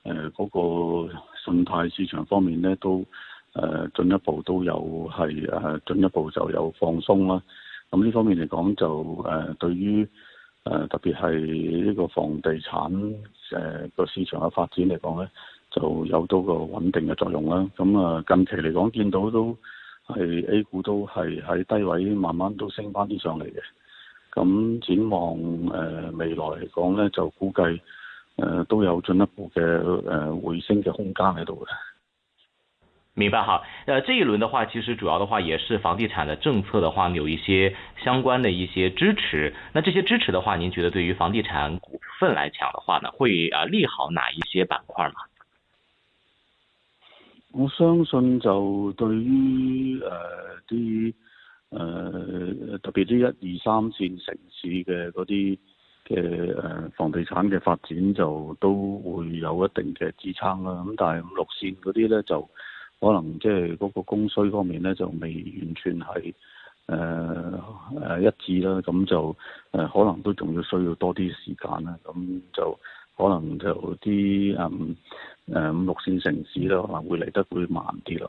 誒嗰、呃那個信貸市場方面咧，都誒、呃、進一步都有係誒進一步就有放鬆啦。咁呢方面嚟講，就誒對於誒特別係呢個房地產誒個、呃、市場嘅發展嚟講咧，就有到個穩定嘅作用啦。咁啊，近期嚟講，見到都係 A 股都係喺低位慢慢都升翻啲上嚟嘅。咁展望誒、呃、未來嚟講咧，就估計。誒、呃、都有進一步嘅誒、呃、回升嘅空間喺度嘅。明白哈，誒這一輪的話，其實主要的話也是房地產嘅政策的話，有一些相關的一些支持。那這些支持的話，您覺得對於房地產股份來講的話呢，會啊利好哪一些板塊嘛？我相信就對於誒啲誒特別啲一二三線城市嘅嗰啲。嘅誒，房地產嘅發展就都會有一定嘅支撐啦。咁但係五六線嗰啲咧，就可能即係嗰個供需方面咧，就未完全係誒誒一致啦。咁就誒可能都仲要需要多啲時間啦。咁就可能就啲誒誒五六線城市咧，可能會嚟得會慢啲咯。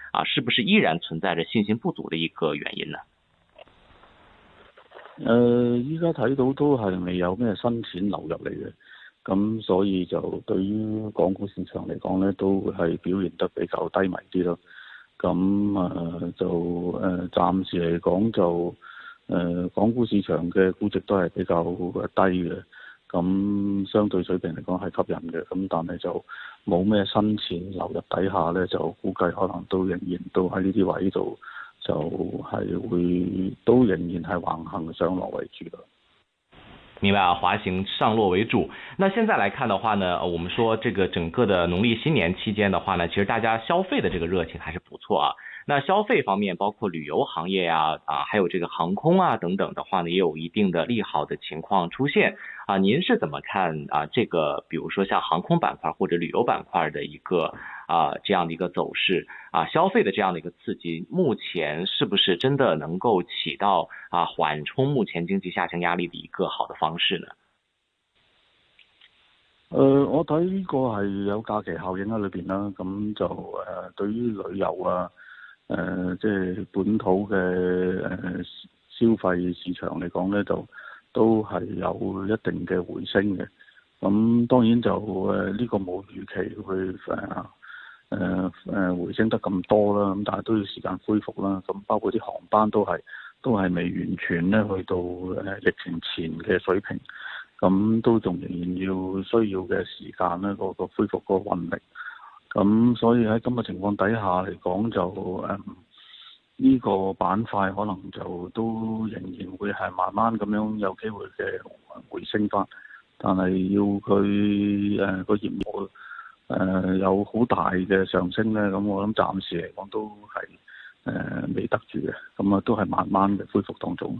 啊，是不是依然存在着信心不足的一個原因呢？誒、呃，依家睇到都係未有咩新錢流入嚟嘅，咁所以就對於港股市場嚟講呢，都係表現得比較低迷啲咯。咁誒、呃、就誒暫、呃、時嚟講就誒港股市場嘅估值都係比較低嘅。咁相對水平嚟講係吸引嘅，咁但係就冇咩新錢流入底下咧，就估計可能都仍然都喺呢啲位度，就係會都仍然係橫行上落為主啦。明白啊，滑行上落為主。那現在來看嘅話呢，我們說這個整個的農曆新年期間嘅話呢，其實大家消費的這個熱情還是不錯啊。那消費方面，包括旅遊行業呀，啊，啊，還有這個航空啊等等的話呢，也有一定的利好的情況出現啊。您是怎麼看啊？這個，比如說像航空板塊或者旅遊板塊的一個啊這樣的一個走勢啊，消費的這樣的一個刺激，目前是不是真的能夠起到啊緩衝目前經濟下行壓力的一個好的方式呢？呃，我睇呢個係有假期效應喺裏邊啦、啊，咁就誒、呃、對於旅遊啊。誒、呃，即係本土嘅誒、呃、消費市場嚟講咧，就都係有一定嘅回升嘅。咁當然就誒呢、呃這個冇預期去誒誒誒回升得咁多啦。咁但係都要時間恢復啦。咁包括啲航班都係都係未完全咧去到誒疫情前嘅水平。咁都仲仍然要需要嘅時間咧，個、那個恢復個運力。咁、嗯、所以喺今日情況底下嚟講就誒呢、嗯呢個板塊可能就都仍然會係慢慢咁樣有機會嘅回升返，但係要佢誒個業務誒、呃、有好大嘅上升咧，咁、嗯、我諗暫時嚟講都係誒、呃、未得住嘅，咁、嗯、啊都係慢慢嘅恢復當中。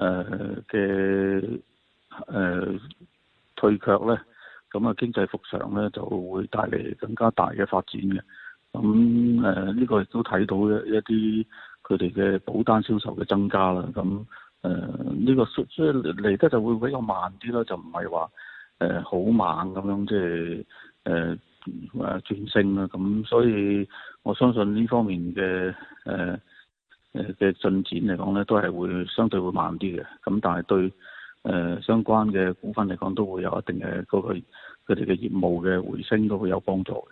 誒嘅誒退卻咧，咁、嗯、啊經濟復常咧就會帶嚟更加大嘅發展嘅。咁誒呢個亦都睇到一一啲佢哋嘅保單銷售嘅增加啦。咁誒呢個即係嚟得就會比較慢啲啦，就唔係話誒好猛咁樣，即係誒誒轉升啦。咁、嗯、所以我相信呢方面嘅誒。呃嘅進展嚟講呢，都係會相對會慢啲嘅，咁但係對誒相關嘅股份嚟講，都會有一定嘅嗰個佢哋嘅業務嘅回升都會有幫助嘅。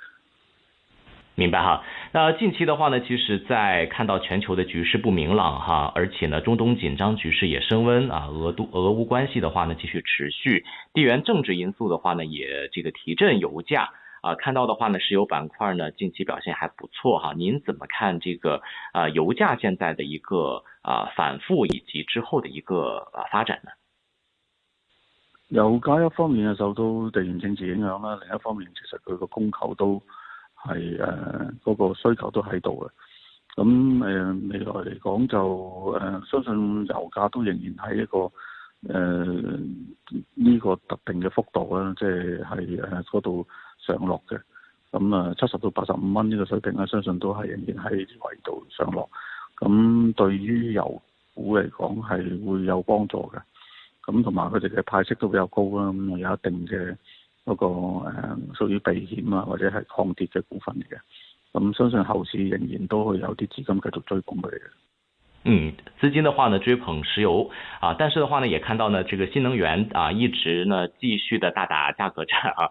明白哈，那近期嘅話呢，其實在看到全球嘅局勢不明朗哈，而且呢，中東緊張局勢也升溫啊，俄度俄烏關係嘅話呢，繼續持續，地緣政治因素嘅話呢，也這個提振油價。啊，看到的話呢，石油板塊呢近期表現還不錯哈、啊。您怎麼看這個啊？油價現在的一個啊反覆，以及之後的一個啊發展呢？油價一方面啊受到地緣政治影響啦，另一方面其實佢個供求都係誒、呃嗰個需求都喺度嘅。咁誒、呃，未來嚟講就誒、呃，相信油價都仍然喺一個誒呢、呃呢個特定嘅幅度啦，即係係誒嗰度。呃上落嘅，咁啊七十到八十五蚊呢個水平咧，相信都係仍然喺維度上落，咁對於油股嚟講係會有幫助嘅，咁同埋佢哋嘅派息都比較高啦，咁啊有一定嘅嗰個誒屬於避險啊或者係抗跌嘅股份嚟嘅，咁相信後市仍然都會有啲資金繼續追捧佢哋嘅。嗯，資金的話呢追捧石油啊，但是的話呢也看到呢這個新能源啊一直呢繼續的大打價格戰啊。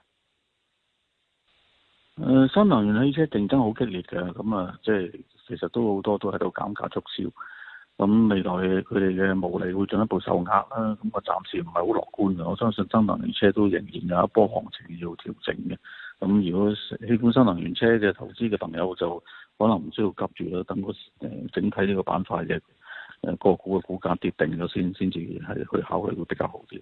誒新能源汽車競爭好激烈嘅，咁啊，即係其實都好多都喺度減價促銷，咁未來佢哋嘅毛利會進一步受壓啦。咁我暫時唔係好樂觀嘅，我相信新能源車都仍然有一波行情要調整嘅。咁如果喜歡新能源車嘅投資嘅朋友就可能唔需要急住啦，等個誒整體呢個板塊嘅誒個股嘅股價跌定咗先，先至係去考慮會比較好啲。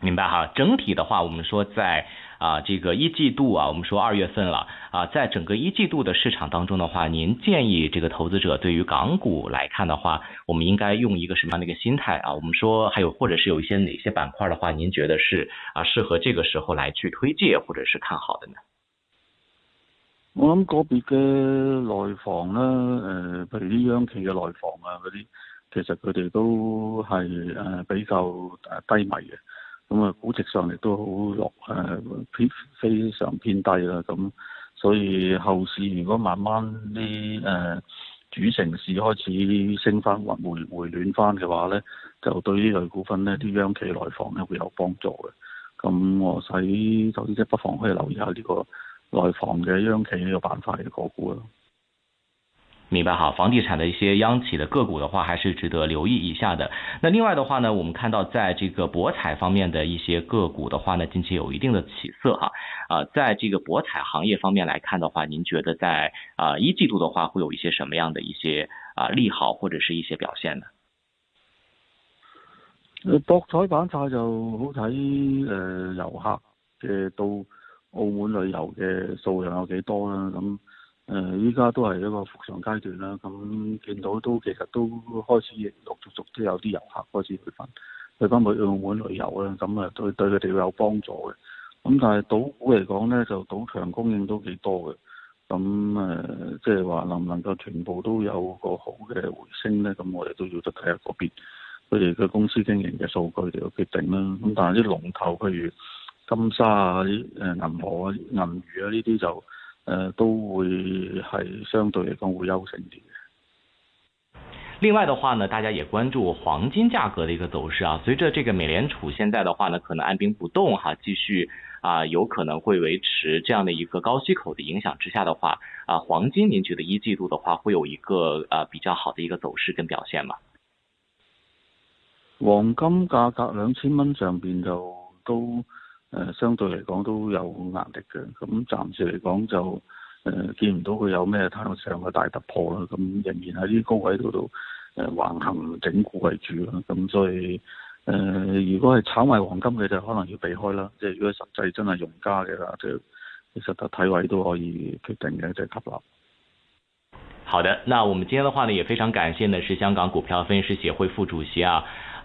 明白哈，啊，整體的話，我們說在啊這個一季度啊，我們說二月份了啊，在整個一季度的市場當中的話，您建議這個投資者對於港股來看的話，我們應該用一個什麼樣的一個心態啊？我們說還有或者是有一些哪些板塊的話，您覺得是啊適合這個時候來去推介或者是看好的呢？我諗個別嘅內房啦，誒，譬如啲央企嘅內房啊嗰啲，其實佢哋都係誒比較誒低迷嘅。咁啊，估值上嚟都好落，誒、呃、非常偏低啦。咁所以後市如果慢慢啲誒、呃、主城市開始升翻或回回、回暖翻嘅話咧，就對呢類股份咧，啲央企內房咧會有幫助嘅。咁我使投資即不妨可以留意一下呢個內房嘅央企呢個板塊嘅個股啊。明白哈，房地產的一些央企的個股的話，還是值得留意一下的。那另外的話呢，我們看到在這個博彩方面的一些個股的話呢，近期有一定的起色哈。啊、呃，在這個博彩行業方面來看的話，您覺得在啊、呃、一季度的話，會有一些什麼樣的一些啊、呃、利好或者是一些表現呢？板塊呃，博彩板塊就好睇誒，遊客嘅到澳門旅遊嘅數量有幾多啦？咁誒，依家、呃、都係一個復常階段啦，咁見到都其實都開始陸陸續續都有啲遊客開始去翻，去翻去澳門旅遊啦，咁誒對佢哋有幫助嘅。咁但係賭股嚟講咧，就賭場供應都幾多嘅。咁誒，即係話能唔能夠全部都有個好嘅回升咧？咁我哋都要得睇下個別，佢哋嘅公司經營嘅數據嚟到決定啦。咁但係啲龍頭，譬如金沙啊、誒銀河啊、銀娛啊呢啲就。呃、都會係相對嚟講會優勝啲嘅。另外的話呢，大家也關注黃金價格的一個走勢啊。隨着這個美聯儲現在的話呢，可能按兵不動哈，繼續啊，有可能會維持這樣的一個高息口的影響之下的話，啊，黃金，您覺得一季度的話會有一個啊比較好的一個走勢跟表現嗎？黃金價格兩千蚊上邊就都，誒相對嚟講都有壓力嘅，咁暫時嚟講就誒、呃、見唔到佢有咩太上嘅大突破啦，咁仍然喺呢啲高位度度誒橫行整固為主啦，咁所以誒、呃、如果係炒賣黃金嘅就可能要避開啦，即係如果實際真係用家嘅啦，就係其實睇位都可以決定嘅一隻級別。就是、好的，那我們今天的話呢，也非常感謝呢，是香港股票分析師協會副主席啊。